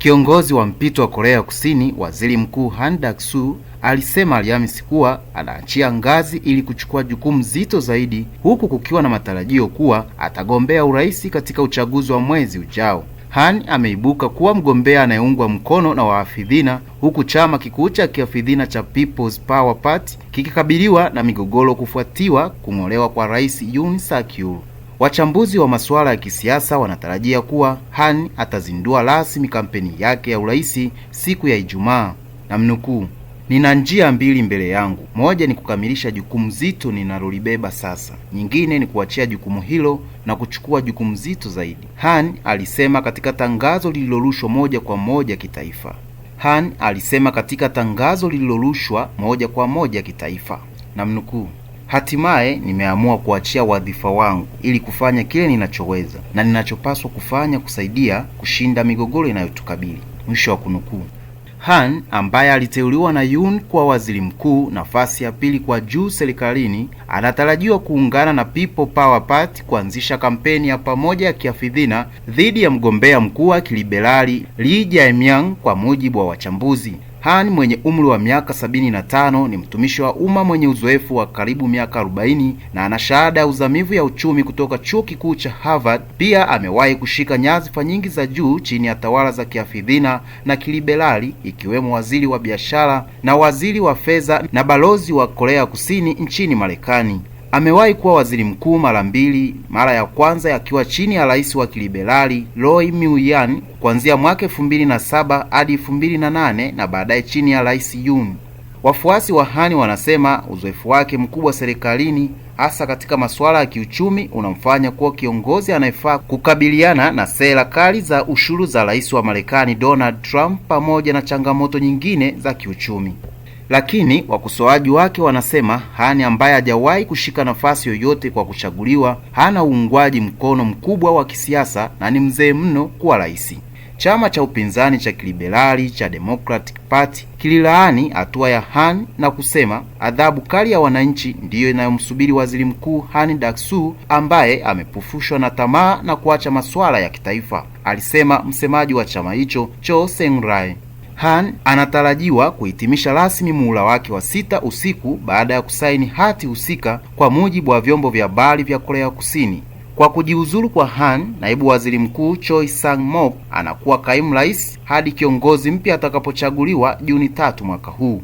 Kiongozi wa mpito wa Korea Kusini, Waziri Mkuu Han Duck-soo alisema Alhamisi kuwa anaachia ngazi ili kuchukua jukumu zito zaidi huku kukiwa na matarajio kuwa atagombea urais katika uchaguzi wa mwezi ujao. Han ameibuka kuwa mgombea anayeungwa mkono na waafidhina huku chama kikuu cha kiafidhina cha People's Power Party kikikabiliwa na migogoro kufuatiwa kung'olewa kwa Rais Yoon Suk Yeol. Wachambuzi wa masuala ya kisiasa wanatarajia kuwa Han atazindua rasmi kampeni yake ya uraisi siku ya Ijumaa, namnukuu, nina njia mbili mbele yangu, moja ni kukamilisha jukumu zito ninalolibeba sasa, nyingine ni kuachia jukumu hilo na kuchukua jukumu zito zaidi, Han alisema katika tangazo lililorushwa moja kwa moja kitaifa. Han alisema katika tangazo lililorushwa moja kwa moja kitaifa, mnukuu Hatimaye nimeamua kuachia wadhifa wangu ili kufanya kile ninachoweza na ninachopaswa kufanya kusaidia kushinda migogoro inayotukabili. Mwisho wa kunukuu. Han ambaye aliteuliwa na yun kuwa waziri mkuu, nafasi ya pili kwa juu serikalini, anatarajiwa kuungana na People Power Party kuanzisha kampeni ya pamoja ya kiafidhina dhidi ya mgombea mkuu wa kiliberali Lee Jae-myung, kwa mujibu wa wachambuzi. Han mwenye umri wa miaka sabini na tano ni mtumishi wa umma mwenye uzoefu wa karibu miaka 40 na ana shahada ya uzamivu ya uchumi kutoka Chuo Kikuu cha Harvard. Pia amewahi kushika nyadhifa nyingi za juu chini ya tawala za kiafidhina na kiliberali, ikiwemo waziri wa biashara na waziri wa fedha na balozi wa Korea Kusini nchini Marekani. Amewahi kuwa waziri mkuu mara mbili, mara ya kwanza akiwa chini ya rais wa kiliberali Roy moo kuanzia mwaka elfu mbili na saba hadi elfu mbili na nane na baadaye chini ya rais Yun. Wafuasi wa Han wanasema uzoefu wake mkubwa serikalini, hasa katika masuala ya kiuchumi, unamfanya kuwa kiongozi anayefaa kukabiliana na sera kali za ushuru za rais wa Marekani Donald Trump pamoja na changamoto nyingine za kiuchumi lakini wakosoaji wake wanasema Hani ambaye hajawahi kushika nafasi yoyote kwa kuchaguliwa, hana uungwaji mkono mkubwa wa kisiasa na ni mzee mno kuwa rais. Chama cha upinzani cha kiliberali cha Democratic Party kililaani hatua ya han na kusema adhabu kali ya wananchi ndiyo inayomsubiri waziri mkuu Hani Daksu ambaye amepufushwa na tamaa na kuacha masuala ya kitaifa, alisema msemaji wa chama hicho Cho Sengrai. Han anatarajiwa kuhitimisha rasmi muhula wake wa sita usiku baada ya kusaini hati husika, kwa mujibu wa vyombo vya habari vya Korea Kusini. Kwa kujiuzulu kwa Han, naibu waziri mkuu Choi Sang-mok anakuwa kaimu rais hadi kiongozi mpya atakapochaguliwa Juni tatu mwaka huu.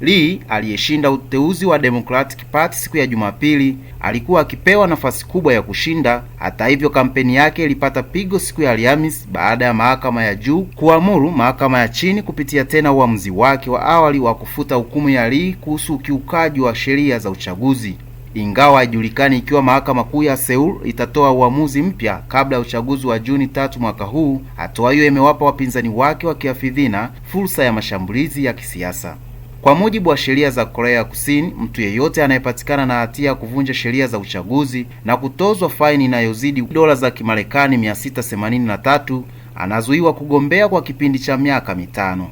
Lee aliyeshinda uteuzi wa Democratic Party siku ya Jumapili alikuwa akipewa nafasi kubwa ya kushinda. Hata hivyo, kampeni yake ilipata pigo siku ya Alhamis baada ya mahakama ya juu kuamuru mahakama ya chini kupitia tena uamuzi wake wa awali wa kufuta hukumu ya Lee kuhusu ukiukaji wa sheria za uchaguzi. Ingawa haijulikani ikiwa mahakama kuu ya Seoul itatoa uamuzi mpya kabla ya uchaguzi wa Juni tatu mwaka huu, hatua hiyo imewapa wapinzani wake wa kiafidhina fursa ya mashambulizi ya kisiasa. Kwa mujibu wa sheria za Korea Kusini, mtu yeyote anayepatikana na hatia ya kuvunja sheria za uchaguzi na kutozwa faini inayozidi dola za Kimarekani 683 anazuiwa kugombea kwa kipindi cha miaka mitano.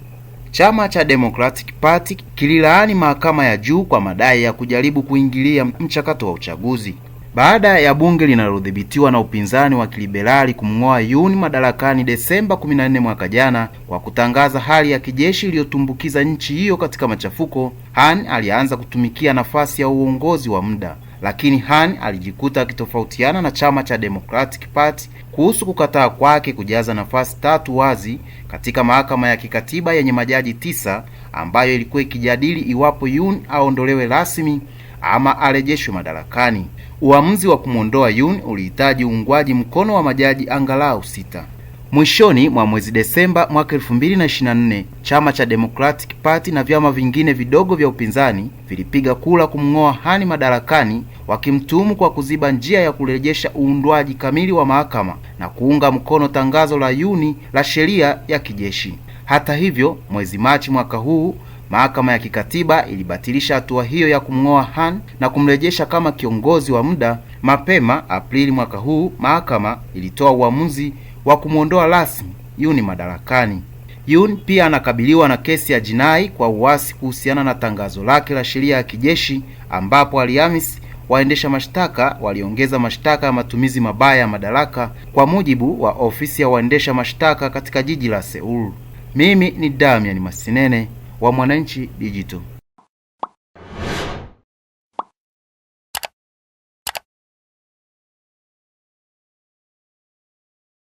Chama cha Democratic Party kililaani mahakama ya juu kwa madai ya kujaribu kuingilia mchakato wa uchaguzi. Baada ya bunge linalodhibitiwa na upinzani wa kiliberali kumng'oa Yun madarakani Desemba 14 mwaka jana kwa kutangaza hali ya kijeshi iliyotumbukiza nchi hiyo katika machafuko, Han alianza kutumikia nafasi ya uongozi wa muda, lakini Han alijikuta akitofautiana na chama cha Democratic Party kuhusu kukataa kwake kujaza nafasi tatu wazi katika mahakama ya kikatiba yenye majaji tisa ambayo ilikuwa ikijadili iwapo Yun aondolewe rasmi ama arejeshwe madarakani. Uamuzi wa kumwondoa Yun ulihitaji uungwaji mkono wa majaji angalau sita. Mwishoni mwa mwezi Desemba mwaka 2024, chama cha Democratic Party na vyama vingine vidogo vya upinzani vilipiga kura kumng'oa Hani madarakani, wakimtuhumu kwa kuziba njia ya kurejesha uundwaji kamili wa mahakama na kuunga mkono tangazo la yuni la sheria ya kijeshi. Hata hivyo, mwezi Machi mwaka huu Mahakama ya Kikatiba ilibatilisha hatua hiyo ya kumng'oa Han na kumrejesha kama kiongozi wa muda. Mapema Aprili mwaka huu, mahakama ilitoa uamuzi wa kumwondoa rasmi Yun madarakani. Yun pia anakabiliwa na kesi ya jinai kwa uasi kuhusiana na tangazo lake la sheria ya kijeshi, ambapo Alhamisi waendesha mashtaka waliongeza mashtaka ya matumizi mabaya ya madaraka, kwa mujibu wa ofisi ya waendesha mashtaka katika jiji la Seoul. Mimi ni Damian Masinene wa Mwananchi Digital.